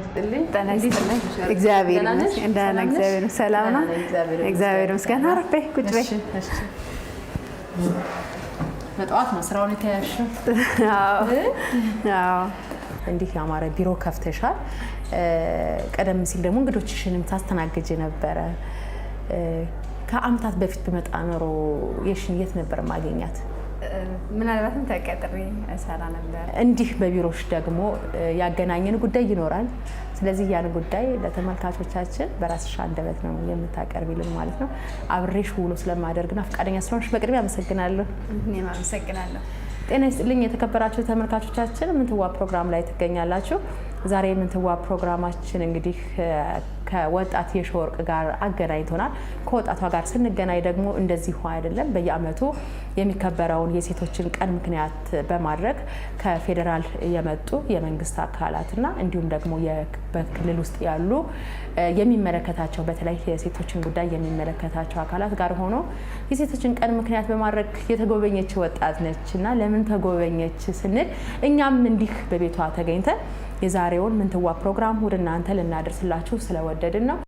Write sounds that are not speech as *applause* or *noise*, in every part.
ይስጥልኝ። እግዚአብሔር እንደና እግዚአብሔር ሰላም ነው። እግዚአብሔር ምስጋና። ቁጭ በይ። በጠዋት ነው ስራውን እንዲህ ያማረ ቢሮ ከፍተሻል። ቀደም ሲል ደግሞ እንግዶችሽንም ታስተናግጅ ነበረ። ከአመታት በፊት ብመጣ ኖሮ የሽን የት ነበር ማገኛት? ምናልባትም ተቀጥሬ እሰራ ነበር። እንዲህ በቢሮዎች ደግሞ ያገናኘን ጉዳይ ይኖራል። ስለዚህ ያን ጉዳይ ለተመልካቾቻችን በራስሽ አንደበት ነው የምታቀርቢልን ማለት ነው። አብሬሽ ውሎ ስለማደርግና ፈቃደኛ ስለሆንሽ በቅድሚያ አመሰግናለሁ። እኔም አመሰግናለሁ። ጤና ይስጥልኝ የተከበራችሁ ተመልካቾቻችን፣ ምንትዋብ ፕሮግራም ላይ ትገኛላችሁ። ዛሬ የምንትዋብ ፕሮግራማችን እንግዲህ ከወጣት የሸወርቅ ጋር አገናኝቶናል። ከወጣቷ ጋር ስንገናኝ ደግሞ እንደዚሁ አይደለም በየአመቱ የሚከበረውን የሴቶችን ቀን ምክንያት በማድረግ ከፌዴራል የመጡ የመንግስት አካላትና እንዲሁም ደግሞ በክልል ውስጥ ያሉ የሚመለከታቸው በተለይ የሴቶችን ጉዳይ የሚመለከታቸው አካላት ጋር ሆኖ የሴቶችን ቀን ምክንያት በማድረግ የተጎበኘች ወጣት ነች እና ለምን ተጎበኘች ስንል እኛም እንዲህ በቤቷ ተገኝተን የዛሬውን ምንትዋብ ፕሮግራም ወደ እናንተ ልናደርስላችሁ ስለወደድን ነው።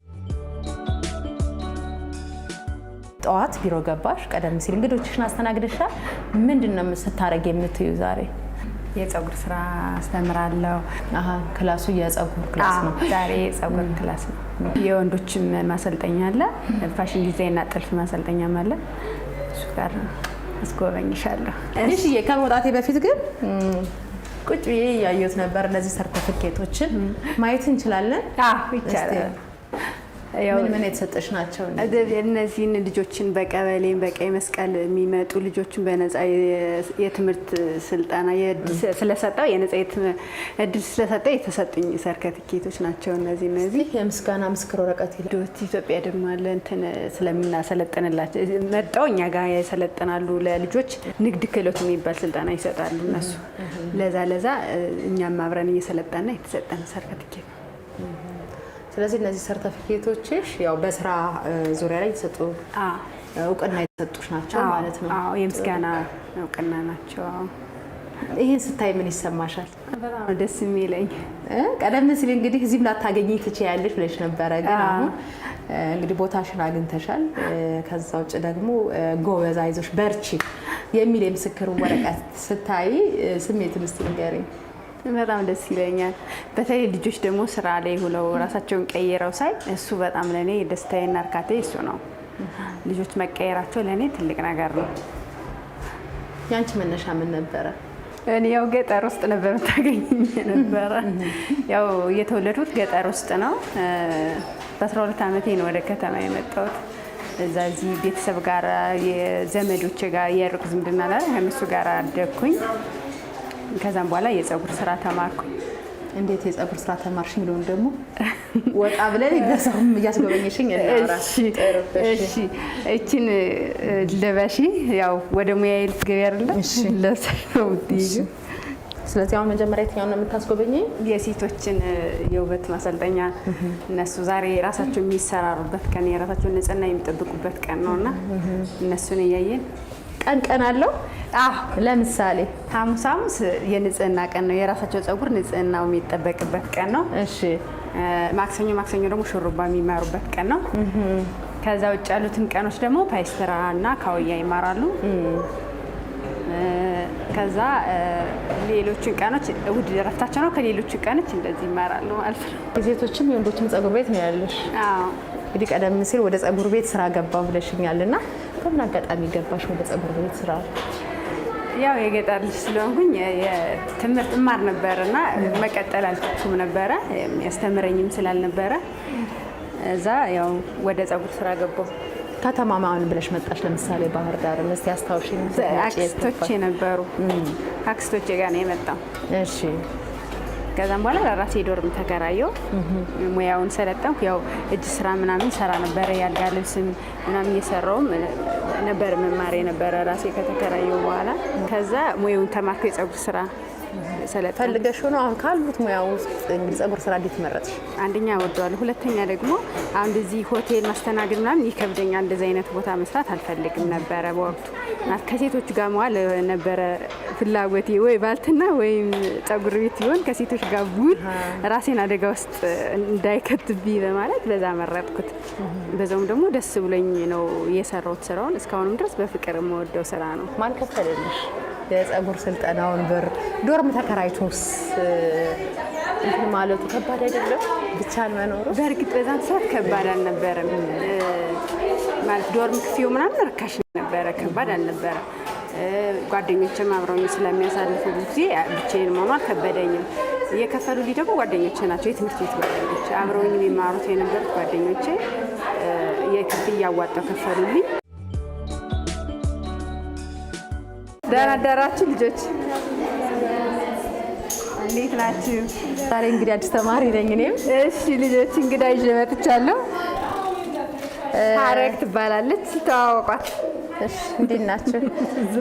ጠዋት ቢሮ ገባሽ፣ ቀደም ሲል እንግዶችሽን አስተናግደሻል። ምንድን ነው ስታደርግ የምትዩ ዛሬ? የፀጉር ስራ አስተምራለሁ። ክላሱ የፀጉር ክላስ ነው ዛሬ? የፀጉር ክላስ ነው። የወንዶችም ማሰልጠኛ አለ፣ ፋሽን ዲዛይንና ጥልፍ ማሰልጠኛም አለ። እሱ ጋር አስጎበኝሻለሁ። እሺ፣ ከመውጣቴ በፊት ግን ቁጭ ብዬ እያየሁት ነበር። እነዚህ ሰርተፍኬቶችን ማየት እንችላለን ይቻላል። ምን ምን የተሰጠሽ ናቸው? እነዚህን ልጆችን በቀበሌን በቀይ መስቀል የሚመጡ ልጆችን በነጻ የትምህርት ስልጠና ስለሰጠው የነጻ እድል ስለሰጠው የተሰጡኝ ሰርተፊኬቶች ናቸው። እነዚህ እነዚህ የምስጋና ምስክር ወረቀት ዶት ኢትዮጵያ ደግሞ ለእንትን ስለምናሰለጥንላቸው መጣው እኛ ጋር ያሰለጥናሉ። ለልጆች ንግድ ክህሎት የሚባል ስልጠና ይሰጣሉ እነሱ። ለዛ ለዛ እኛም አብረን እየሰለጠና የተሰጠን ስለዚህ እነዚህ ሰርተፊኬቶችሽ ያው በስራ ዙሪያ ላይ የተሰጡ እውቅና የተሰጡሽ ናቸው ማለት ነው። የምስጋና እውቅና ናቸው። ይህን ስታይ ምን ይሰማሻል? በጣም ደስ የሚለኝ ቀደም ሲል እንግዲህ እዚህም ላታገኘኝ ትችያለሽ ብለሽ ነበረ፣ ግን አሁን እንግዲህ ቦታሽን አግኝተሻል። ከዛ ውጭ ደግሞ ጎበዝ፣ አይዞሽ፣ በርቺ የሚል የምስክር ወረቀት ስታይ ስሜት ምስል ንገሪኝ። በጣም ደስ ይለኛል። በተለይ ልጆች ደግሞ ስራ ላይ ሁለው ራሳቸውን ቀይረው ሳይ እሱ በጣም ለእኔ ደስታዬና እርካቴ እሱ ነው። ልጆች መቀየራቸው ለእኔ ትልቅ ነገር ነው። ያንቺ መነሻ ምን ነበረ? እኔ ያው ገጠር ውስጥ ነበር ታገኝ ነበረ። ያው የተወለድኩት ገጠር ውስጥ ነው። በአስራ ሁለት ዓመቴ ነው ወደ ከተማ የመጣሁት። እዛ እዚህ ቤተሰብ ጋር የዘመዶች ጋር የሩቅ ዝምድና ላይ ከእነሱ ጋር አደግኩኝ። ከዛም በኋላ የፀጉር ስራ ተማርኩ። እንዴት የፀጉር ስራ ተማርሽ የሚለውን ደግሞ *laughs* ወጣ ብለን በዛውም እያስጎበኘሽኝ እቺን ልበሺ ያው ወደ ሙያዬ አለ ለሰው ስለዚህ አሁን መጀመሪያ የትኛውን ነው የምታስጎበኘኝ? የሴቶችን የውበት ማሰልጠኛ እነሱ ዛሬ ራሳቸው የሚሰራሩበት ቀን የራሳቸውን ንጽህና የሚጠብቁበት ቀን ነው እና እነሱን እያየን ቀን ቀን አለው። ለምሳሌ ሐሙስ ሐሙስ የንጽህና ቀን ነው። የራሳቸው ጸጉር ንጽህናው የሚጠበቅበት ቀን ነው። እሺ። ማክሰኞ ማክሰኞ ደግሞ ሹሩባ የሚማሩበት ቀን ነው። ከዛ ውጭ ያሉትን ቀኖች ደግሞ ፓይስትራ እና ካውያ ይማራሉ። ከዛ ሌሎችን ቀኖች እሑድ እረፍታቸው ነው። ከሌሎቹ ቀኖች እንደዚህ ይማራሉ ማለት ነው። የሴቶችም የወንዶችም ጸጉር ቤት ነው ያለሽ። እንግዲህ ቀደም ሲል ወደ ጸጉር ቤት ስራ ገባ ብለሽኛል እና ከምን አጋጣሚ ገባሽ ወደ ጸጉር ቤት ስራ? ያው የገጠር ልጅ ስለሆንኩኝ ትምህርት እማር ነበር እና መቀጠል አልችልም ነበረ ያስተምረኝም ስላልነበረ እዛ ያው ወደ ጸጉር ስራ ገባሁ። ከተማማን ብለሽ መጣሽ። ለምሳሌ ባህር ዳር እስቲ አስታውሽ። አክስቶቼ ነበሩ አክስቶቼ ጋር ነው የመጣው። እሺ ከዛም በኋላ ለራሴ ዶርም ተከራየው ሙያውን ሰለጠንኩ። ያው እጅ ስራ ምናምን ሰራ ነበረ ያልጋ ልብስም ምናምን እየሰራውም ነበር መማር የነበረ ራሴ ከተከራየው በኋላ። ከዛ ሙያውን ተማርኩ የፀጉር ስራ ፈልገሽ ሆኖ አሁን ካሉት ሙያ ውስጥ እንግዲህ ጸጉር ስራ እንዴት መረጥሽ? አንደኛ እወደዋለሁ፣ ሁለተኛ ደግሞ አሁን እዚህ ሆቴል ማስተናገድ ምናምን ይከብደኛል። እንደዚህ አይነት ቦታ መስራት አልፈልግም ነበረ በወቅቱ። ከሴቶች ጋር መዋል ነበረ ፍላጎቴ፣ ወይ ባልትና ወይም ጸጉር ቤት ሲሆን ከሴቶች ጋር ቡል ራሴን አደጋ ውስጥ እንዳይከትብኝ በማለት በዛ መረጥኩት። በዛውም ደግሞ ደስ ብሎኝ ነው የሰራሁት ስራውን። እስካሁንም ድረስ በፍቅር የምወደው ስራ ነው። ማን ከፈለልሽ? የፀጉር ስልጠናውን ብር ዶርም ተከራይቶስ እንትን ማለቱ ከባድ አይደለም። ብቻን መኖሩ በእርግጥ በዛን ሰዓት ከባድ አልነበረም። ማለት ዶርም ክፍያው ምናምን ርካሽ ነበረ፣ ከባድ አልነበረም። ጓደኞችም አብረውኝ ስለሚያሳልፉ ብዙ ጊዜ ብቻዬን መሆኑ አልከበደኝም። እየከፈሉልኝ ደግሞ ጓደኞች ናቸው፣ የትምህርት ቤት ጓደኞች አብረውኝ የሚማሩት የነበሩት ጓደኞቼ የክፍያ አዋጣው ከፈሉልኝ። ደህና አደራችሁ ልጆች፣ እንዴት ናችሁ? ዛሬ እንግዲህ አዲስ ተማሪ ነኝ እኔም። እሺ ልጆች፣ እንግዳ ይዤ መጥቻለሁ። ሀረግ ትባላለች። ተዋወቋት። እንዴት ናችሁ?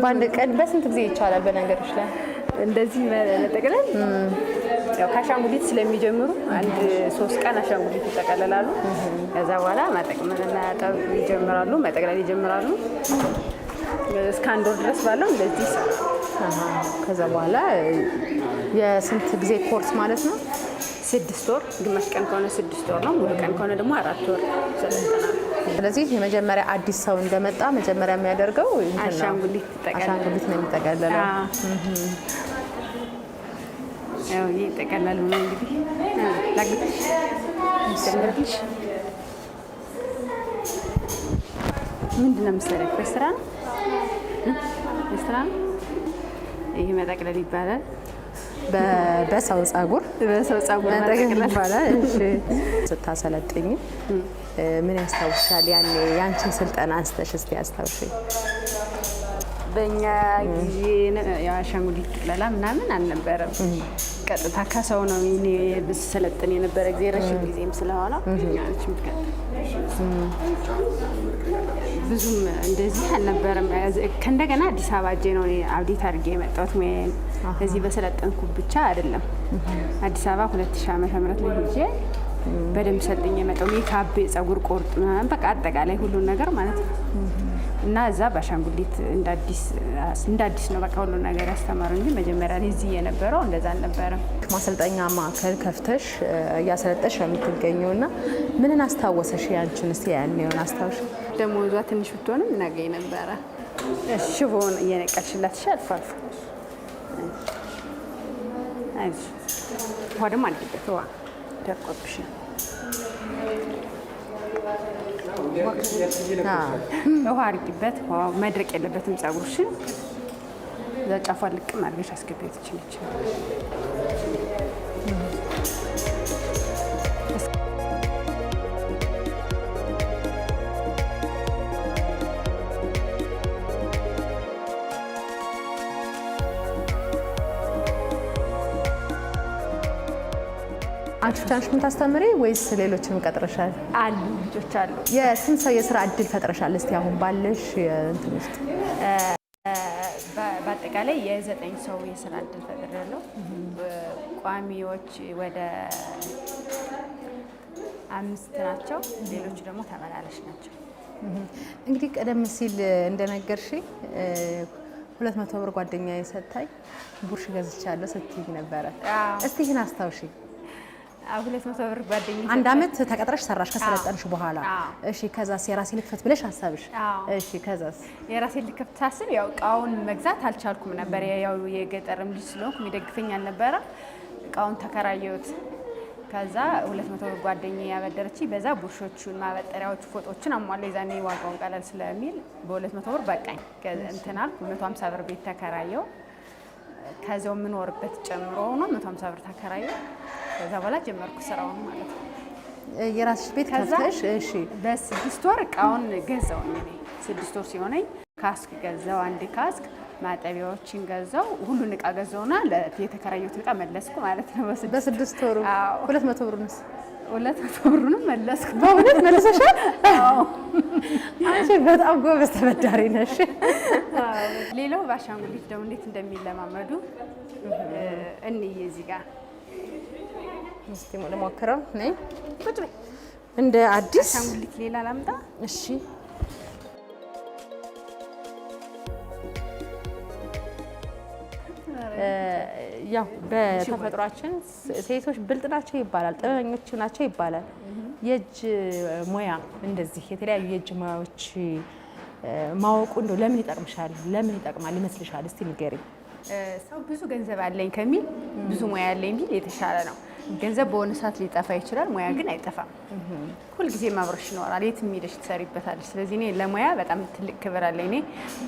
በአንድ ቀን በስንት ጊዜ ይቻላል? በነገሮች ላይ እንደዚህ መጠቅለል ያው ከአሻንጉሊት ስለሚጀምሩ አንድ ሶስት ቀን አሻንጉሊት ይጠቀለላሉ። ከዛ በኋላ መጠቅመንና ያጠብ ይጀምራሉ፣ መጠቅለል ይጀምራሉ። እስከ አንድ ወር ድረስ ባለው እንደዚህ ከዛ በኋላ የስንት ጊዜ ኮርስ ማለት ነው? ስድስት ወር ግማሽ ቀን ከሆነ ስድስት ወር ነው። ሙሉ ቀን ከሆነ ደግሞ አራት ወር ሰለጠናል። ስለዚህ የመጀመሪያ አዲስ ሰው እንደመጣ መጀመሪያ የሚያደርገው አሻንጉሊት ነው የሚጠቀለለው። ይጠቀላል ነው እንግዲህ ምንድን ነው የምትሰሪው? በስራ ነው ይህ መጠቅለል ይባላል። በሰው ጸጉር በሰው ጸጉር መጠቅለል ይባላል። *laughs* ስታሰለጥኝ ምን ያስታውሻል? ያኔ ያንቺን ስልጠና አንስተሽ እስቲ ያስታውሽኝ። በእኛ ጊዜ የአሻንጉሊት ቅለላ ምናምን አልነበረም። ቀጥታ ከሰው ነው ብስሰለጥን የነበረ ጊዜ ረዥም ጊዜም ስለሆነ ብዙም እንደዚህ አልነበረም። ከእንደገና አዲስ አበባ እጄ ነው አብዴት አድርጌ የመጣሁት እዚህ በሰለጠንኩ ብቻ አይደለም። አዲስ አበባ ሁለት ሺህ ዓመተ ምህረት ላይ ሄጄ በደንብ ሰልጥኝ የመጣው ሜካፕ፣ ጸጉር ቁርጥ ምናምን በቃ አጠቃላይ ሁሉን ነገር ማለት ነው። እና እዛ በአሻንጉሊት እንደ አዲስ ነው በቃ ሁሉ ነገር ያስተማሩ እንጂ መጀመሪያ ላይ እዚህ የነበረው እንደዛ አልነበረም። ማሰልጠኛ ማዕከል ከፍተሽ እያሰለጠሽ የምትገኘው እና ምንን አስታወሰሽ? ያንችን ስ ያኔውን አስታወሽ። ደሞዟ ትንሽ ብትሆንም እናገኝ ነበረ። ሽቦን እየነቀልሽላት አልፎ አልፎ ውሃ ደግሞ አንድበት ውሃ ደርቆብሽ ነው ውሃ አድርጊበት። መድረቅ የለበትም ፀጉርሽን። ጫፏ ልቅም አድርገሽ አስገቢያት። ይችላል ብቻሽን የምታስተምሪ ወይስ ሌሎችንም ቀጥረሻል? አሉ ልጆች አሉ። የስንት ሰው የስራ እድል ፈጥረሻል? እስቲ አሁን ባለሽ እንትን ውስጥ በአጠቃላይ የዘጠኝ ሰው የስራ እድል ፈጥሬያለሁ። ቋሚዎች ወደ አምስት ናቸው። ሌሎቹ ደግሞ ተመላለሽ ናቸው። እንግዲህ ቀደም ሲል እንደነገርሽ ሁለት መቶ ብር ጓደኛ የሰጣኝ ቡርሽ ገዝቻለሁ ስትይኝ ነበረ። እስቲ ይህን አስታውሺ። ሁለት መቶ ብር ጓደኛ አንድ አመት ተቀጥረሽ ሰራሽ ከሰለጠንሽ በኋላ እሺ። ከዛስ የራሴ ልክፈት ብለሽ ሀሳብሽ? እሺ። ከዛስ የራሴ ልክፈት ሳስብ ያው እቃውን መግዛት አልቻልኩም ነበር። ያው የገጠርም ልጅ ስለሆንኩ የሚደግፈኝ አልነበረ። እቃውን ተከራየሁት። ከዛ ሁለት መቶ ብር ጓደኛ ያበደረች በዛ ቡርሾቹን፣ ማበጠሪያዎቹ፣ ፎጦችን አሟለው የዛኔ ዋጋውን ቀለል ስለሚል በሁለት መቶ ብር በቃኝ እንትን መቶ ሀምሳ ብር ቤት ተከራየው ከዚያው የምኖርበት ጨምሮ ነው መቶ ሀምሳ ብር ተከራየው ከዛ በኋላ ጀመርኩ ስራውን ማለት ነው። የራስሽ ቤት ከፍተሽ? እሺ። በስድስት ወር እቃውን ገዛው እኔ ስድስት ወር ሲሆነኝ ካስክ ገዛው፣ አንድ ካስክ ማጠቢያዎችን ገዛው፣ ሁሉን እቃ ገዛውና የተከራየሁትን እቃ መለስኩ ማለት ነው በስድስት ወሩ። ሁለት መቶ ብሩንስ? ሁለት መቶ ብሩንም መለስኩ። በእውነት መለሰሻል? አንቺ በጣም ጎበዝ ተበዳሪ ነሽ። ሌላው በአሻንጉሊት ደግሞ እንዴት እንደሚለማመዱ እንይ እዚህ ጋር እስቲ ልሞክረው። ነይ እንደ አዲስ አሻንጉሊት ሌላ ላምጣ። እሺ ያው በተፈጥሯችን ሴቶች ብልጥ ናቸው ይባላል፣ ጥበበኞች ናቸው ይባላል። የእጅ ሙያ እንደዚህ የተለያዩ የእጅ ሙያዎች ማወቁ እንደው ለምን ይጠቅምሻል? ለምን ይጠቅማል ይመስልሻል? እስቲ ንገሪኝ። ሰው ብዙ ገንዘብ አለኝ ከሚል ብዙ ሙያ አለኝ ቢል የተሻለ ነው። ገንዘብ በሆነ ሰዓት ሊጠፋ ይችላል። ሙያ ግን አይጠፋም፣ ሁልጊዜም አብሮሽ ይኖራል። የት የሚሄደሽ ትሰሪበታለሽ። ስለዚህ እኔ ለሙያ በጣም ትልቅ ክብር አለኝ። እኔ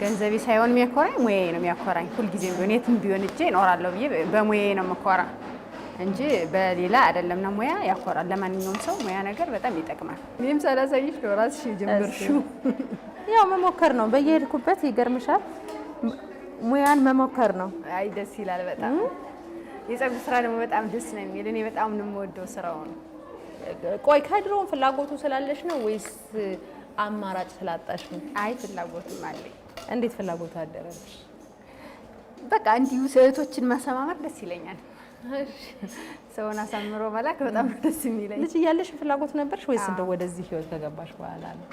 ገንዘቤ ሳይሆን የሚያኮራኝ ሙያዬ ነው የሚያኮራኝ። ሁልጊዜም ቢሆን የትም ቢሆን እጄ ይኖራለሁ ብዬ በሙያዬ ነው መኮራ እንጂ በሌላ አይደለም። ነው ሙያ ያኮራል። ለማንኛውም ሰው ሙያ ነገር በጣም ይጠቅማል። እኔም ሳላሳይሽ ነው እራስሽ ያው መሞከር ነው በየሄድኩበት ይገርምሻል፣ ሙያን መሞከር ነው። አይ ደስ ይላል በጣም የፀጉር ስራ ደግሞ በጣም ደስ ነው የሚል እኔ በጣም የምወደው ስራው ነው። ቆይ ከድሮም ፍላጎቱ ስላለሽ ነው ወይስ አማራጭ ስላጣሽ ነው? አይ ፍላጎትም አለኝ። እንዴት ፍላጎቱ አደረብሽ? በቃ እንዲሁ እህቶችን ማሰማመር ደስ ይለኛል። ሰውን አሳምሮ መላክ በጣም ደስ የሚለኝ። ልጅ እያለሽ ፍላጎት ነበርሽ ወይስ እንደው ወደዚህ ህይወት ከገባሽ በኋላ ነው?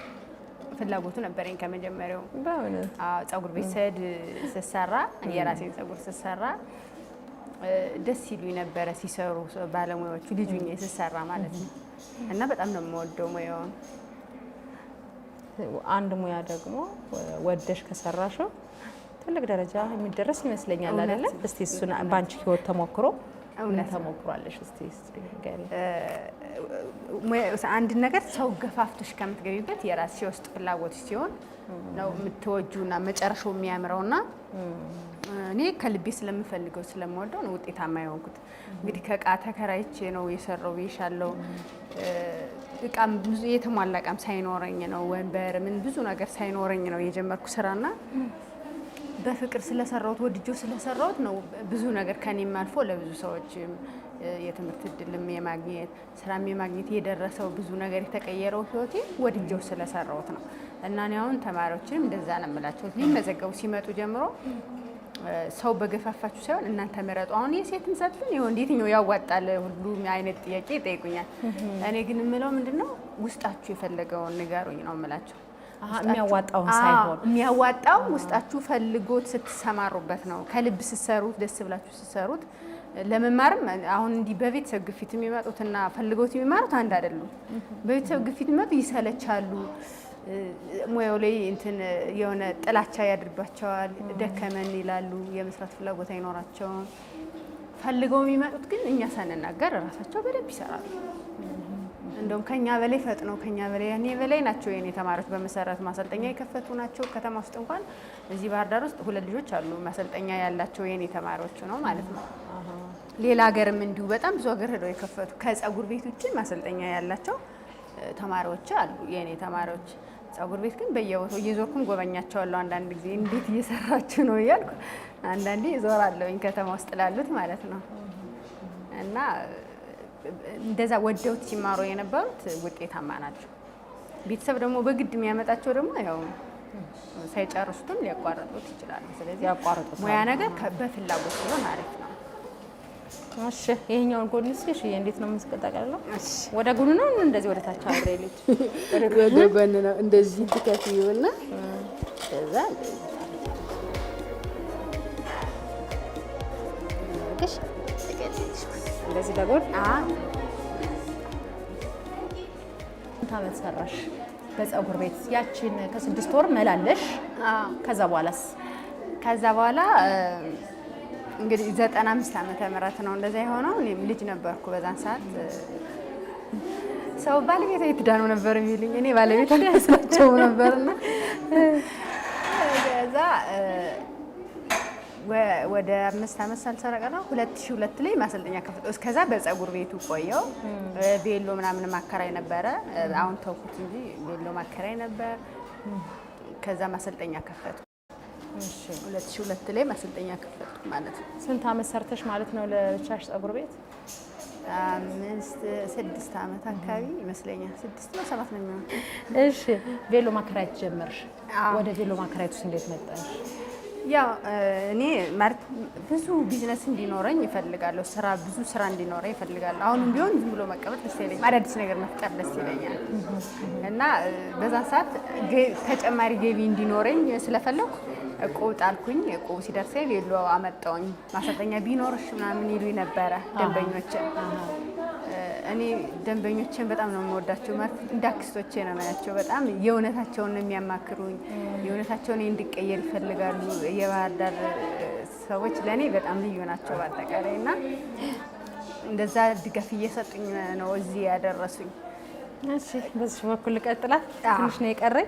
ፍላጎቱ ነበረኝ ከመጀመሪያው። በእውነት ፀጉር ቤት ስሄድ ስሰራ የራሴን ፀጉር ስሰራ ደስ ይሉ ነበረ ሲሰሩ ባለሙያዎቹ ልጁኛ ስሰራ ማለት ነው። እና በጣም ነው የምወደው ሙያውን። አንድ ሙያ ደግሞ ወደሽ ከሰራሽው ትልቅ ደረጃ የሚደረስ ይመስለኛል አይደለ? እስቲ እሱን በአንቺ ህይወት ተሞክሮ እውነት ተሞክሯለሽ እስቲ አንድ ነገር ሰው ገፋፍቶሽ ከምትገቢበት የራስሽ የውስጥ ፍላጎት ሲሆን ነው የምትወጁና መጨረሻው የሚያምረውና እኔ ከልቤ ስለምፈልገው ስለምወደው ነው ውጤታማ የሆንኩት። እንግዲህ ከእቃ ተከራይቼ ነው የሰራው ብዬሻለሁ። እቃም ብዙ የተሟላ እቃም ሳይኖረኝ ነው ወንበር ምን ብዙ ነገር ሳይኖረኝ ነው የጀመርኩ ስራና በፍቅር ስለሰራሁት ወድጆ ስለሰራሁት ነው ብዙ ነገር ከኔም አልፎ ለብዙ ሰዎች የትምህርት እድልም የማግኘት ስራም የማግኘት የደረሰው ብዙ ነገር የተቀየረው ህይወቴ ወድጀው ስለሰራሁት ነው። እና እኔ አሁን ተማሪዎችንም እንደዛ ነው የምላቸው ሊመዘገቡ ሲመጡ ጀምሮ ሰው በገፋፋችሁ ሳይሆን እናንተ መረጡ። አሁን የሴት እንሰጥልን ይሁን የትኛው ያዋጣል ሁሉም አይነት ጥያቄ ይጠይቁኛል። እኔ ግን የምለው ምንድነው ውስጣችሁ የፈለገውን ንገሩኝ ነው የምላቸው። የሚያዋጣውን ሳይሆን የሚያዋጣው ውስጣችሁ ፈልጎት ስትሰማሩበት ነው። ከልብ ስትሰሩት፣ ደስ ብላችሁ ስትሰሩት ለመማርም አሁን እንዲህ በቤተሰብ ግፊት የሚመጡትና ፈልገውት የሚማሩት አንድ አይደሉም። በቤተሰብ ግፊት የሚመጡ ይሰለቻሉ። ሙያው ላይ እንትን የሆነ ጥላቻ ያድርባቸዋል። ደከመን ይላሉ። የመስራት ፍላጎት አይኖራቸውም። ፈልገው የሚመጡት ግን እኛ ሳንናገር እራሳቸው በደንብ ይሰራሉ። እንደውም ከኛ በላይ ፈጥነው ከኛ በላይ ያኔ በላይ ናቸው። የኔ ተማሪዎች በመሰረት ማሰልጠኛ የከፈቱ ናቸው። ከተማ ውስጥ እንኳን እዚህ ባህር ዳር ውስጥ ሁለት ልጆች አሉ ማሰልጠኛ ያላቸው የኔ ተማሪዎች ነው ማለት ነው። ሌላ ሀገርም እንዲሁ በጣም ብዙ ሀገር ሄደው የከፈቱ ከጸጉር ቤት ውጭ ማሰልጠኛ ያላቸው ተማሪዎች አሉ የኔ ተማሪዎች ጸጉር ቤት ግን በየቦታው እየዞርኩም ጎበኛቸዋለሁ። አንዳንድ ጊዜ እንዴት እየሰራችሁ ነው እያልኩ አንዳንዴ እዞራለሁኝ ከተማ ውስጥ ላሉት ማለት ነው። እና እንደዛ ወደውት ሲማሩ የነበሩት ውጤታማ ናቸው። ቤተሰብ ደግሞ በግድ የሚያመጣቸው ደግሞ ያው ሳይጨርሱትም ሊያቋርጡት ይችላሉ። ስለዚህ ሙያ ነገር በፍላጎት ሲሆን አሪፍ ነው። እሺ ይሄኛውን ጎን እስኪ እንዴት ነው የምንስቀጣቀለው? ወደ ጎን ነው እንደዚህ፣ ወደ ታች አብሬ ልጅ ወደ ጎን ነው እንደዚህ ትከፍ ይውና ከዛ እንደዚህ በጎን ስንት ዓመት ሰራሽ በፀጉር ቤት? ያቺን ከስድስት ወር መላለሽ። ከዛ በኋላስ? ከዛ በኋላ እንግዲህ ዘጠና አምስት ዓመተ ምህረት ነው እንደዚያ የሆነው። እኔም ልጅ ነበርኩ በዛን ሰዓት። ሰው ባለቤት የት ነበር የሚልኝ እኔ ባለቤት አልመስላቸውም ነበርና ከዛ ወደ አምስት ዓመት ሳልሰረቀ ነው ሁለት ሺህ ሁለት ላይ ማሰልጠኛ ከፍ እስከዛ በፀጉር ቤቱ ቆየው ቤሎ ምናምን ማከራይ ነበረ። አሁን ተውኩት እንጂ ቤሎ ማከራይ ነበር። ከዛ ማሰልጠኛ ከፈቱ ሁለት ላይ ማሰልጠኛ ከፈትኩ ማለት ነው። ስንት አመት ሰርተሽ ማለት ነው ለብቻሽ ፀጉር ቤት? አምስት ስድስት አመት አካባቢ ይመስለኛል። ስድስት ነው ሰባት ነው የሚሆነው። እሺ ቬሎ ማከራየት ጀመርሽ። ወደ ቬሎ ማከራየት ውስጥ እንዴት መጣሽ? ያው እኔ ማለት ብዙ ቢዝነስ እንዲኖረኝ ይፈልጋለሁ። ስራ ብዙ ስራ እንዲኖረኝ ይፈልጋለሁ። አሁንም ቢሆን ዝም ብሎ መቀመጥ ደስ ይለኛል። አዳዲስ ነገር መፍጠር ደስ ይለኛል እና በዛ ሰዓት ተጨማሪ ገቢ እንዲኖረኝ ስለፈለኩ እቁብ ጣልኩኝ። እቁብ ሲደርሰኝ ቬሎ አመጣውኝ ማሰልጠኛ ቢኖርሽ ምናምን ይሉኝ ነበረ ደንበኞች እኔ ደንበኞችን በጣም ነው የምወዳቸው፣ ማለት እንዳክስቶቼ ነው የምላቸው። በጣም የእውነታቸውን ነው የሚያማክሩኝ፣ የእውነታቸውን እንድቀየር ይፈልጋሉ። የባህር ዳር ሰዎች ለእኔ በጣም ልዩ ናቸው በአጠቃላይ እና እንደዛ ድጋፍ እየሰጡኝ ነው እዚህ ያደረሱኝ። በዚህ በኩል ቀጥላ ትንሽ ነው የቀረኝ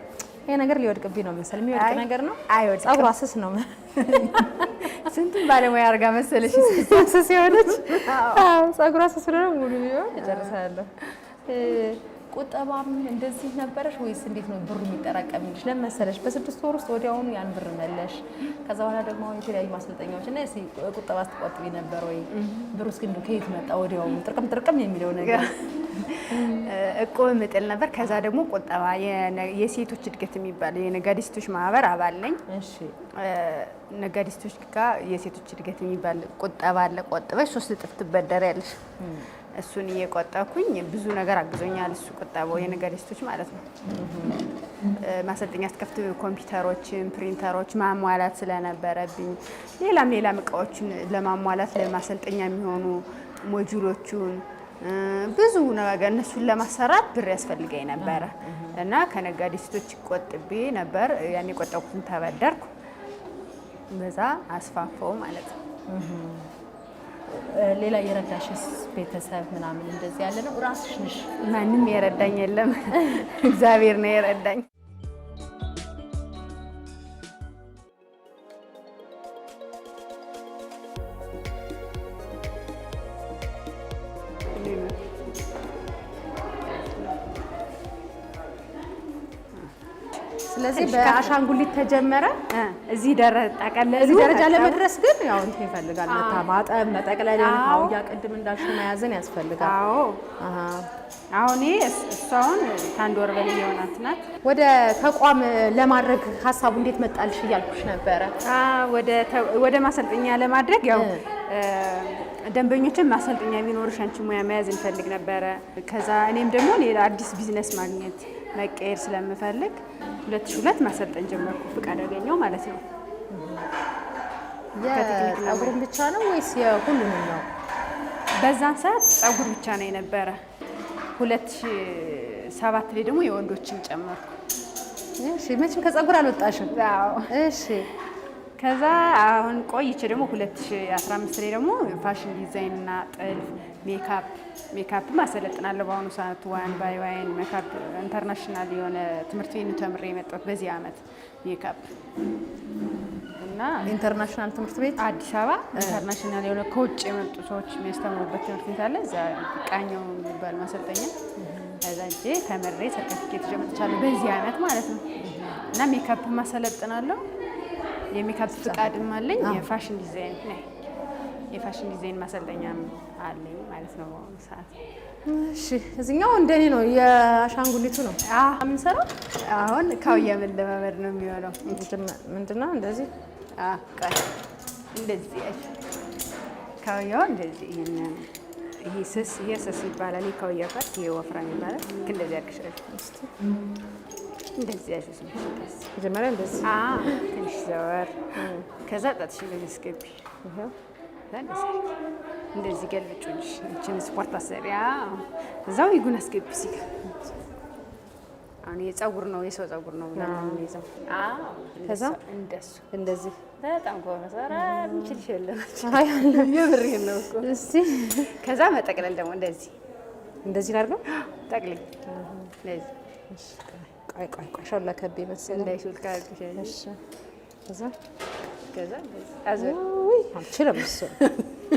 ይሄ ነገር ሊወድቅብኝ ነው መሰል። የሚወድቅ ነገር ነው። አይወድቅም። ፀጉሯ ስስ ነው። *laughs* ስንቱን ባለሙያ አድርጋ መሰለሽ ስስ የሆነች ፀጉሯ ስስ ነው። ሙሉ ቢሆን እጨርሳለሁ። ቁጠባም እንደዚህ ነበረሽ ወይስ እንዴት ነው ብሩ የሚጠራቀምልሽ? ለመሰለሽ በስድስት ወር ውስጥ ወዲያውኑ ያን ብር መለሽ። ከዛ በኋላ ደግሞ የተለያዩ ማሰልጠኛዎች እና ቁጠባ ስትቆጥቢ ነበር ወይ? ብሩ እስኪ እንደው ከየት መጣ ወዲያውኑ ጥርቅም ጥርቅም የሚለው ነገር? እቁብ ምጥል ነበር። ከዛ ደግሞ ቁጠባ፣ የሴቶች እድገት የሚባለው የነጋዴ ሴቶች ማህበር አባል ነኝ። ነጋዴ ጋር የሴቶች እድገት የሚባል ቁጠባ አለ። ቆጥበሽ ሶስት እጥፍ ትበደሪያለሽ እሱን እየቆጠኩኝ ብዙ ነገር አግዞኛል። እሱ ቁጠባው የነጋዴስቶች ማለት ነው። ማሰልጠኛ ስትከፍት ኮምፒውተሮችን፣ ፕሪንተሮች ማሟላት ስለነበረብኝ ሌላም ሌላም እቃዎችን ለማሟላት ለማሰልጠኛ የሚሆኑ ሞጁሎቹን ብዙ ነገር እነሱን ለማሰራት ብር ያስፈልገኝ ነበረ እና ከነጋዴስቶች ቆጥቤ ነበር ያኔ የቆጠብኩትን ተበደርኩ በዛ አስፋፈው ማለት ነው። ሌላ የረዳሽስ ቤተሰብ ምናምን እንደዚህ ያለ ነው? ራስሽ ነሽ? ማንም የረዳኝ የለም። *laughs* እግዚአብሔር ነው የረዳኝ። ከአሻንጉሊት ተጀመረ እዚህ ደረጃ ለመድረስ ግን ያው እንትን ይፈልጋል። ማጠብ፣ መጠቅለል፣ አውያ ቅድም እንዳልሽው መያዝን ያስፈልጋል። አሁን እሷውን ከአንድ ወር በላይ የሆናት ናት። ወደ ተቋም ለማድረግ ሀሳቡ እንዴት መጣልሽ እያልኩሽ ነበረ። ወደ ማሰልጠኛ ለማድረግ ያው ደንበኞችን ማሰልጠኛ ቢኖርሽ አንቺ ሙያ መያዝ እንፈልግ ነበረ። ከዛ እኔም ደግሞ ሌላ አዲስ ቢዝነስ ማግኘት መቀየር ስለምፈልግ ሁለት ሁለት ማሰልጠን ጀመርኩ። ፍቃድ አገኘው ማለት ነው። የጸጉሩን ብቻ ነው ወይስ የሁሉንም ነው? በዛን ሰዓት ጸጉር ብቻ ነው የነበረ። ሁለት ሰባት ላይ ደግሞ የወንዶችን ጨመርኩ። እሺ፣ መቼም ከጸጉር አልወጣሽም? እሺ ከዛ አሁን ቆይቼ ደግሞ 2015 ላይ ደግሞ ፋሽን ዲዛይን እና ጥልፍ ሜካፕ ሜካፕ ማሰለጥናለሁ። በአሁኑ ሰዓት ዋን ባይ ዋይን ሜካፕ ኢንተርናሽናል የሆነ ትምህርት ቤት ተምሬ የመጣሁት በዚህ አመት ሜካፕ እና ኢንተርናሽናል ትምህርት ቤት አዲስ አበባ ኢንተርናሽናል የሆነ ከውጭ የመጡ ሰዎች የሚያስተምሩበት ትምህርት ቤት አለ። እዛ ቃኘው የሚባል ማሰልጠኛ እዛ እጄ ተምሬ ሰርተፊኬት ጀምጥቻለሁ በዚህ አመት ማለት ነው እና ሜካፕ ማሰለጥናለሁ የሜካፕ ፍቃድም አለኝ። የፋሽን ዲዛይን ነኝ። የፋሽን ዲዛይን ማሰልጠኛም አለኝ ማለት ነው በአሁኑ ሰዓት። እሺ፣ እዚኛው እንደኔ ነው የአሻንጉሊቱ ነው የምንሰራው። አሁን ካውያ መለማመድ ነው የሚሆነው። ምንድነው ነው እንደዚህ እንደዚህ ካውያው እንደዚህ ይሄ ስስ ይሄ ስስ ይባላል። ካውያ ፓርት ይሄ ወፍራም ይባላል። እንደዚህ አድርገሽ እንደዚህ ያዥው። መጀመሪያ እንደዚህ ትንሽ ዘወር፣ ከዛ ጣትሽን በሚያስገቢ እንደዚህ ገልብጮልሽ። ይህችን ስፖርት አሰሪያ እዛው ይጉን አስገቢ። ሲጋ አሁን የፀጉር ነው የሰው ፀጉር ነው ይዘው ከዛ እንደሱ እንደዚህ በጣም ጎበዝ። ምችልሽ የለም የብሬን ነው እኮ። ከዛ መጠቅለል ደግሞ እንደዚህ እንደዚህ ላድርገው ጠቅልኝ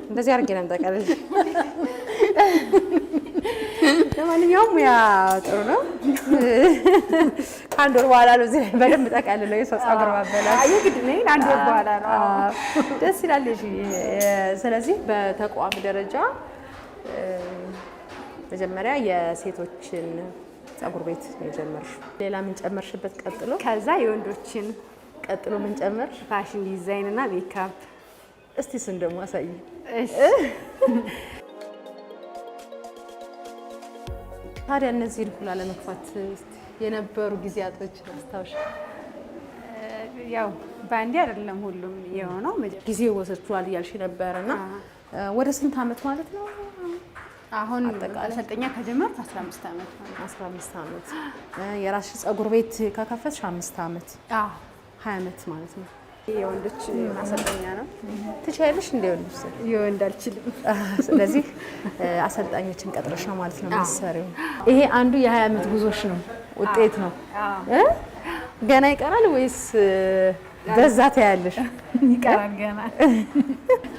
እንደዚህ አድርጌ ነው የምጠቀልል። ለማንኛውም ያ ጥሩ ነው። ከአንድ ወር በኋላ ነው እዚህ በደንብ ጠቀልለው የሰው ፀጉር ማበላት ደስ ይላል። ስለዚህ በተቋም ደረጃ መጀመሪያ የሴቶችን ጸጉር ቤት ነው የጀመርሽው። ሌላ ጨመርሽበት? ቀጥሎ ከዛ የወንዶችን ቀጥሎ ጨመር? ፋሽን ዲዛይን እና ሜካፕ። እስቲ እሱን ደግሞ አሳይ። *laughs* ታዲያ እነዚህን ሁላ ለመግፋት የነበሩ ጊዜያቶች አስታውሽ? ያው በአንዴ አይደለም ሁሉም የሆነው ጊዜ ወስዷል እያልሽ ነበረ እና ወደ ስንት አመት ማለት ነው? አሁን አሰልጠኛ ከጀመር 15 ዓመት 15 ዓመት የራስሽ ጸጉር ቤት ከከፈትሽ 5 ዓመት አዎ 20 ዓመት ማለት ነው። የወንዶች አሰልጠኛ ነው። ትችያለሽ እንደ ወንዶች የወንድ አልችልም። ስለዚህ አሰልጣኞችን ቀጥረሽ ነው ማለት ነው የምትሰሪው። ይሄ አንዱ የ20 ዓመት ጉዞሽ ነው፣ ውጤት ነው። ገና ይቀራል ወይስ በዛ ታያለሽ። ይቀራል ገና።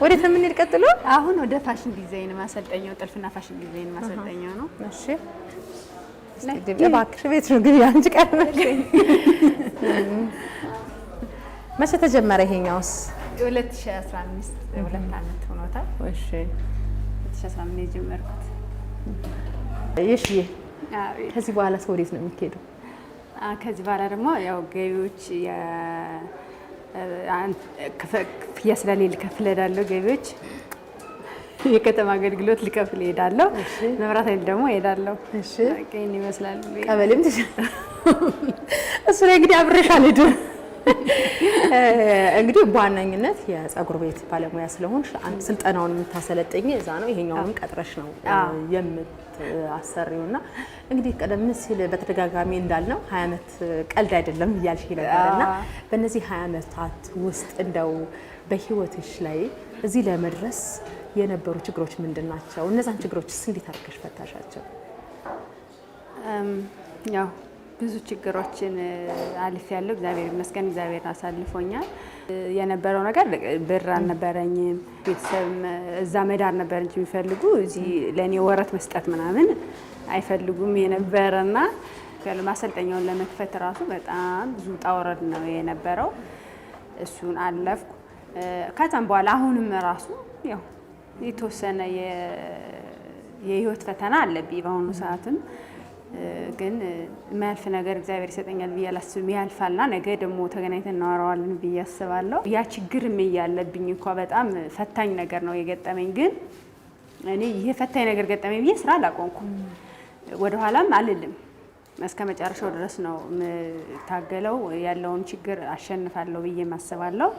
ወዴት ነው የምንሄድ? ቀጥሎ አሁን ወደ ፋሽን ዲዛይን ማሰልጠኛው ጥልፍና ፋሽን ዲዛይን ማሰልጠኛው ነው። እሺ እባክሽ ቤት ነው ግን አንቺ ቀን *laughs* መቼ ተጀመረ? ይሄኛውስ 2015 ሁለት ዓመት ሆኖታል። እሺ 2015 የጀመርኩት። እሺ ከዚህ በኋላ ወዴት ነው የሚሄደው? ከዚህ በኋላ ደግሞ ያው ገቢዎች ክፍያ ስለሌለ ከፍል እሄዳለሁ። ገቢዎች የከተማ አገልግሎት ልከፍል እሄዳለሁ። መብራት ኃይል ደግሞ እሄዳለሁ። ይመስላል ቀበሌም እሱ ላይ እንግዲህ አብረሻ ልድ *laughs* እንግዲህ በዋነኝነት የጸጉር ቤት ባለሙያ ስለሆንሽ ስልጠናውን የምታሰለጠኝ እዛ ነው። ይሄኛውንም ቀጥረሽ ነው የምታሰሪው። እና እንግዲህ ቀደም ሲል በተደጋጋሚ እንዳልነው ሀያ ዓመት ቀልድ አይደለም እያልሽ ነበር እና በእነዚህ ሀያ ዓመታት ውስጥ እንደው በህይወትሽ ላይ እዚህ ለመድረስ የነበሩ ችግሮች ምንድን ናቸው? እነዛን ችግሮችስ እንዴት አድርገሽ ፈታሻቸው? ያው ብዙ ችግሮችን አልፍ ያለው እግዚአብሔር ይመስገን እግዚአብሔር አሳልፎኛል። የነበረው ነገር ብር አልነበረኝም። ቤተሰብ እዛ መዳር ነበር እንጂ የሚፈልጉ እዚህ ለእኔ ወረት መስጠት ምናምን አይፈልጉም የነበረና ማሰልጠኛውን ለመክፈት ራሱ በጣም ብዙ ውጣ ውረድ ነው የነበረው። እሱን አለፍኩ። ከዛም በኋላ አሁንም ራሱ ያው የተወሰነ የህይወት ፈተና አለብኝ በአሁኑ ሰዓትም ግን የማያልፍ ነገር እግዚአብሔር ይሰጠኛል ብዬ አላስብም። ያልፋልና ነገ ደግሞ ተገናኝተን እናወራዋለን ብዬ አስባለሁ። ያ ችግርም እያለብኝ እንኳ በጣም ፈታኝ ነገር ነው የገጠመኝ። ግን እኔ ይሄ ፈታኝ ነገር ገጠመኝ ብዬ ስራ አላቆምኩም፣ ወደኋላም አልልም። እስከ መጨረሻው ድረስ ነው የምታገለው። ያለውን ችግር አሸንፋለሁ ብዬ ማስባለሁ።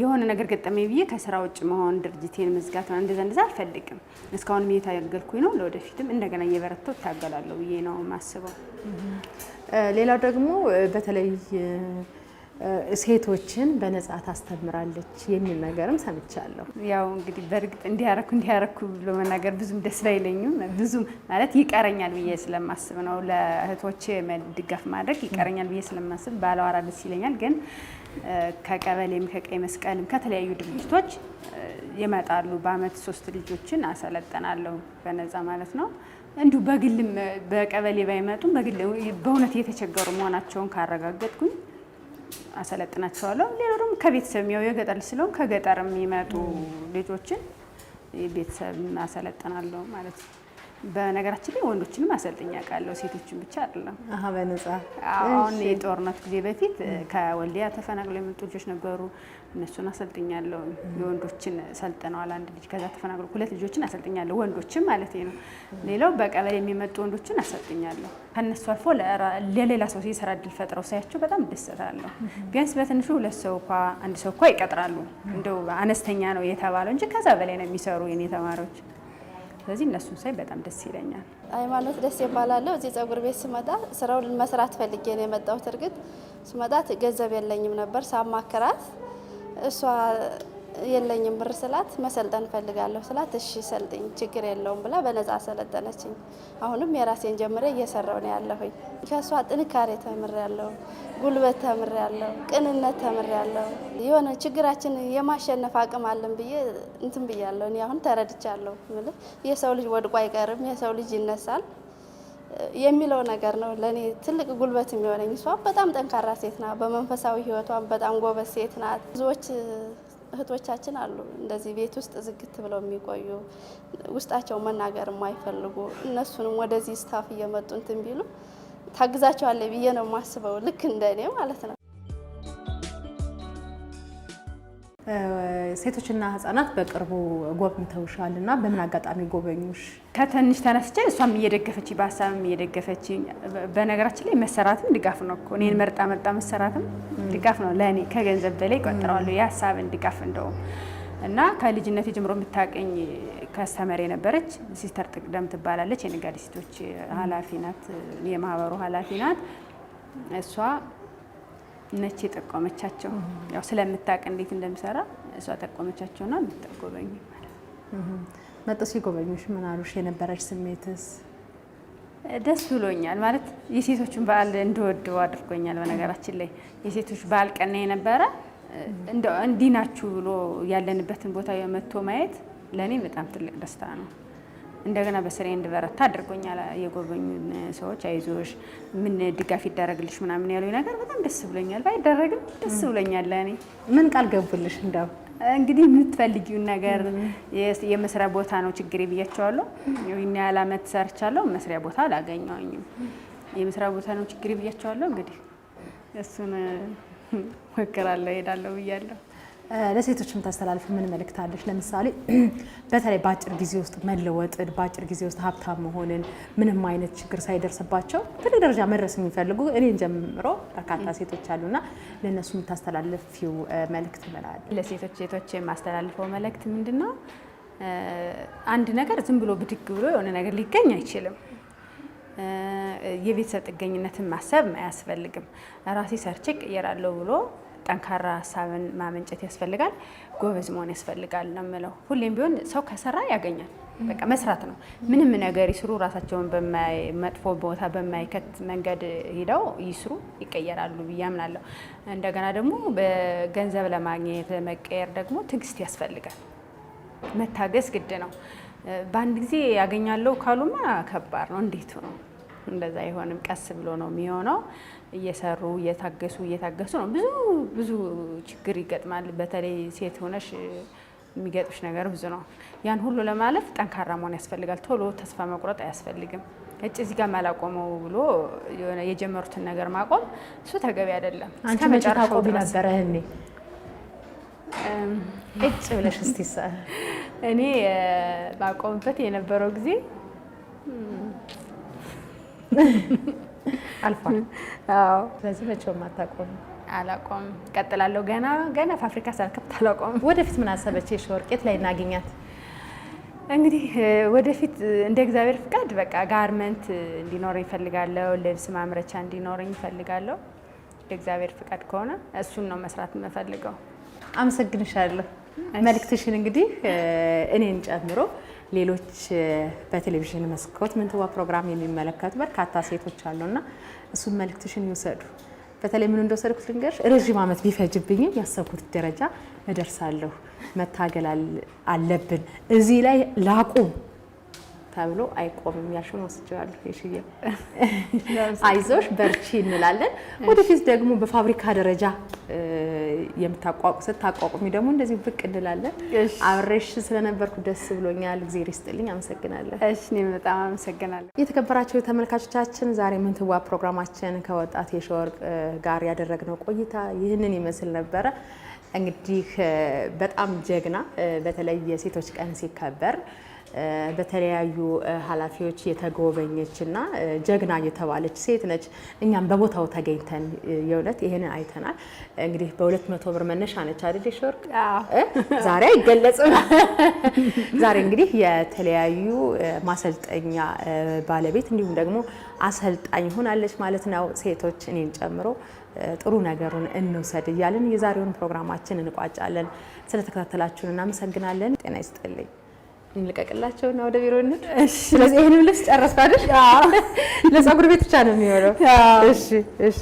የሆነ ነገር ገጠመኝ ብዬ ከስራ ውጭ መሆን ድርጅቴን መዝጋት እንደዛ እንደዛ አልፈልግም። እስካሁንም እየታገልኩኝ ነው። ለወደፊትም እንደገና እየበረታው እታገላለሁ ብዬ ነው የማስበው። ሌላው ደግሞ በተለይ ሴቶችን በነጻ ታስተምራለች የሚል ነገርም ሰምቻለሁ። ያው እንግዲህ በእርግጥ እንዲያረኩ እንዲያረኩ ብሎ መናገር ብዙም ደስ አይለኝም። ብዙም ማለት ይቀረኛል ብዬ ስለማስብ ነው። ለእህቶቼ ድጋፍ ማድረግ ይቀረኛል ብዬ ስለማስብ ባለዋራ ደስ ይለኛል ግን ከቀበሌም ከቀይ መስቀልም ከተለያዩ ድርጅቶች ይመጣሉ። በአመት ሶስት ልጆችን አሰለጠናለሁ በነፃ ማለት ነው። እንዲሁ በግልም በቀበሌ ባይመጡም በግል በእውነት እየተቸገሩ መሆናቸውን ካረጋገጥኩኝ አሰለጥናቸዋለሁ። ሌላው ደግሞ ከቤተሰብ የሚያው የገጠር ስለሆን ከገጠር የሚመጡ ልጆችን ቤተሰብ አሰለጥናለሁ ማለት ነው። በነገራችን ላይ ወንዶችንም አሰልጥኝ አውቃለሁ፣ ሴቶችን ብቻ አይደለም። በነጻ አሁን የጦርነት ጊዜ በፊት ከወልዲያ ተፈናቅለው የመጡ ልጆች ነበሩ። እነሱን አሰልጥኛለሁ። የወንዶችን ሰልጥነዋል። አንድ ልጅ ከዛ ተፈናቅሎ ሁለት ልጆችን አሰልጥኛለሁ፣ ወንዶችን ማለት ነው። ሌላው በቀበሌ የሚመጡ ወንዶችን አሰልጥኛለሁ። ከነሱ አልፎ ለሌላ ሰው የስራ እድል ፈጥረው ሳያቸው በጣም ደሰታለሁ። ቢያንስ በትንሹ ሁለት ሰው እንኳ አንድ ሰው እኳ ይቀጥራሉ። እንደው አነስተኛ ነው የተባለው እንጂ ከዛ በላይ ነው የሚሰሩ የኔ ተማሪዎች። ስለዚህ እነሱን ሳይ በጣም ደስ ይለኛል። ሃይማኖት ደስ ይባላለሁ። እዚህ ጸጉር ቤት ስመጣ ስራውን መስራት ፈልጌ ነው የመጣሁት። እርግጥ ስመጣት ገንዘብ የለኝም ነበር ሳማክራት እሷ የለኝም ብር ስላት መሰልጠን ፈልጋለሁ ስላት እሺ ሰልጥኝ ችግር የለውም ብላ በነጻ ሰለጠነችኝ። አሁንም የራሴን ጀምሬ እየሰራው ነው ያለሁኝ። ከእሷ ጥንካሬ ተምር ያለው ጉልበት ተምር ያለው ቅንነት ተምር ያለው የሆነ ችግራችን የማሸነፍ አቅም አለን ብዬ እንትን ብያለሁ። እኔ አሁን ተረድቻለሁ። የሰው ልጅ ወድቆ አይቀርም፣ የሰው ልጅ ይነሳል የሚለው ነገር ነው ለእኔ ትልቅ ጉልበት የሚሆነኝ። እሷ በጣም ጠንካራ ሴት ናት። በመንፈሳዊ ሕይወቷ በጣም ጎበዝ ሴት ናት። ብዙዎች እህቶቻችን አሉ እንደዚህ ቤት ውስጥ ዝግት ብለው የሚቆዩ ውስጣቸው መናገር የማይፈልጉ እነሱንም ወደዚህ ስታፍ እየመጡ እንትን ቢሉ ታግዛቸዋለ ብዬ ነው የማስበው። ልክ እንደኔ ማለት ነው። ሴቶችና ህጻናት በቅርቡ ጎብኝተውሻል እና በምን አጋጣሚ ጎበኙሽ? ከትንሽ ተነስቼ እሷም እየደገፈች በሀሳብም እየደገፈች በነገራችን ላይ መሰራትም ድጋፍ ነው እኮ እኔን መርጣ መርጣ መሰራትም ድጋፍ ነው ለእኔ ከገንዘብ በላይ ቆጥረዋለሁ የሀሳብን ድጋፍ እንደውም እና ከልጅነት ጀምሮ የምታቀኝ ከስተመር የነበረች ሲስተር ትቅደም ትባላለች። የነጋዴ ሴቶች ኃላፊ ናት፣ የማህበሩ ኃላፊ ናት እሷ ነች የጠቆመቻቸው። ያው ስለምታውቅ እንዴት እንደምሰራ እሷ ጠቆመቻቸው የምትጎበኙ ይባላል። ሲጎበኙሽ ምን አሉሽ? የነበረች ስሜትስ? ደስ ብሎኛል። ማለት የሴቶችን በዓል እንደወደው አድርጎኛል። በነገራችን ላይ የሴቶች በዓል ቀና የነበረ እንዲህ ናችሁ ብሎ ያለንበትን ቦታ መጥቶ ማየት ለእኔ በጣም ትልቅ ደስታ ነው። እንደገና በስራ እንድበረታ አድርጎኛል። የጎበኙ ሰዎች አይዞሽ፣ ምን ድጋፍ ይደረግልሽ ምናምን ያሉኝ ነገር በጣም ደስ ብሎኛል። ባይደረግም ደስ ብሎኛል። ለእኔ ምን ቃል ገቡልሽ? እንዳው እንግዲህ የምትፈልጊውን ነገር የመስሪያ ቦታ ነው ችግሬ ብያቸዋለሁ። ይህን ያህል አመት ሰርቻለሁ፣ መስሪያ ቦታ አላገኘውኝም። የመስሪያ ቦታ ነው ችግሬ ብያቸዋለሁ። እንግዲህ እሱን ሞክራለሁ፣ እሄዳለሁ ብያለሁ። ለሴቶች የምታስተላልፍ ምን መልእክት አለሽ? ለምሳሌ በተለይ በአጭር ጊዜ ውስጥ መለወጥን፣ በአጭር ጊዜ ውስጥ ሀብታም መሆንን፣ ምንም አይነት ችግር ሳይደርስባቸው ትልቅ ደረጃ መድረስ የሚፈልጉ እኔን ጀምሮ በርካታ ሴቶች አሉና ለእነሱ የምታስተላልፊው መልእክት ምን ለሴቶች ሴቶች የማስተላልፈው መልእክት ምንድን ነው? አንድ ነገር ዝም ብሎ ብድግ ብሎ የሆነ ነገር ሊገኝ አይችልም። የቤተሰብ ጥገኝነትን ማሰብ አያስፈልግም። ራሴ ሰርቼ ቀየራለሁ ብሎ ጠንካራ ሀሳብን ማመንጨት ያስፈልጋል፣ ጎበዝ መሆን ያስፈልጋል ነው የምለው። ሁሌም ቢሆን ሰው ከሰራ ያገኛል። በቃ መስራት ነው። ምንም ነገር ይስሩ፣ ራሳቸውን መጥፎ ቦታ በማይከት መንገድ ሄደው ይስሩ፣ ይቀየራሉ ብዬ አምናለሁ። እንደገና ደግሞ በገንዘብ ለማግኘት ለመቀየር ደግሞ ትዕግስት ያስፈልጋል። መታገስ ግድ ነው። በአንድ ጊዜ ያገኛለሁ ካሉማ ከባድ ነው። እንዴት ነው እንደዛ አይሆንም። ቀስ ብሎ ነው የሚሆነው። እየሰሩ እየታገሱ እየታገሱ ነው። ብዙ ብዙ ችግር ይገጥማል። በተለይ ሴት ሆነሽ የሚገጥምሽ ነገር ብዙ ነው። ያን ሁሉ ለማለፍ ጠንካራ መሆን ያስፈልጋል። ቶሎ ተስፋ መቁረጥ አያስፈልግም። እጭ እዚህ ጋር ማላቆመው ብሎ የሆነ የጀመሩትን ነገር ማቆም እሱ ተገቢ አይደለም። አንቺ መጨረሻው ነበረ እኔ እጭ ብለሽ እስቲ እኔ ባቆምበት የነበረው ጊዜ አልፏል። *laughs* ስለዚህ መቼውም አታቆምም። አላቆም እቀጥላለሁ። ገና ገና ፋብሪካ ሳልከፍት አላቆም። ወደፊት ምን አሰበች የሺወርቅ? የት ላይ እናገኛት? እንግዲህ ወደፊት እንደ እግዚአብሔር ፍቃድ በቃ ጋርመንት እንዲኖረኝ እፈልጋለሁ። ልብስ ማምረቻ እንዲኖረኝ እፈልጋለሁ። እንደ እግዚአብሔር ፍቃድ ከሆነ እሱን ነው መስራት የምፈልገው። አመሰግንሻለሁ። መልክትሽን እንግዲህ እኔን ጨምሮ ሌሎች በቴሌቪዥን መስኮት ምንትዋ ፕሮግራም የሚመለከቱ በርካታ ሴቶች አሉና እሱን መልእክትሽን ይውሰዱ። በተለይ ምን እንደወሰድኩት ልንገርሽ፣ ረዥም ዓመት ቢፈጅብኝም ያሰብኩት ደረጃ እደርሳለሁ። መታገል አለብን። እዚህ ላይ ላቁም ተብሎ አይቆምም። ያልሽውን ወስጃለሁ። የሽዬ አይዞሽ በርቺ እንላለን። ወደፊት ደግሞ በፋብሪካ ደረጃ የምታቋቁ ስታቋቁሚ ደግሞ እንደዚህ ብቅ እንላለን። አብሬሽ ስለነበርኩ ደስ ብሎኛል። እግዜር ይስጥልኝ። አመሰግናለሁ። እሺ እኔም በጣም አመሰግናለሁ። የተከበራችሁ ተመልካቾቻችን ዛሬ ምንትዋብ ፕሮግራማችን ከወጣት የሸወርቅ ጋር ያደረግነው ቆይታ ይህንን ይመስል ነበረ። እንግዲህ በጣም ጀግና በተለይ የሴቶች ቀን ሲከበር በተለያዩ ኃላፊዎች የተጎበኘች እና ጀግና የተባለች ሴት ነች። እኛም በቦታው ተገኝተን የእውነት ይህንን አይተናል። እንግዲህ በሁለት መቶ ብር መነሻ ነች አይደል? ሾርቅ ዛሬ አይገለጽም። *laughs* ዛሬ እንግዲህ የተለያዩ ማሰልጠኛ ባለቤት እንዲሁም ደግሞ አሰልጣኝ ሆናለች ማለት ነው። ሴቶች እኔን ጨምሮ ጥሩ ነገሩን እንውሰድ እያለን የዛሬውን ፕሮግራማችን እንቋጫለን። ስለተከታተላችሁን እናመሰግናለን። ጤና ይስጥልኝ። እንልቀቅላቸው እና ወደ ቢሮ እንሂድ። ስለዚህ ይህንም ልብስ ጨረስኩ አይደል? ለፀጉር ቤት ብቻ ነው የሚሆነው። እሺ እሺ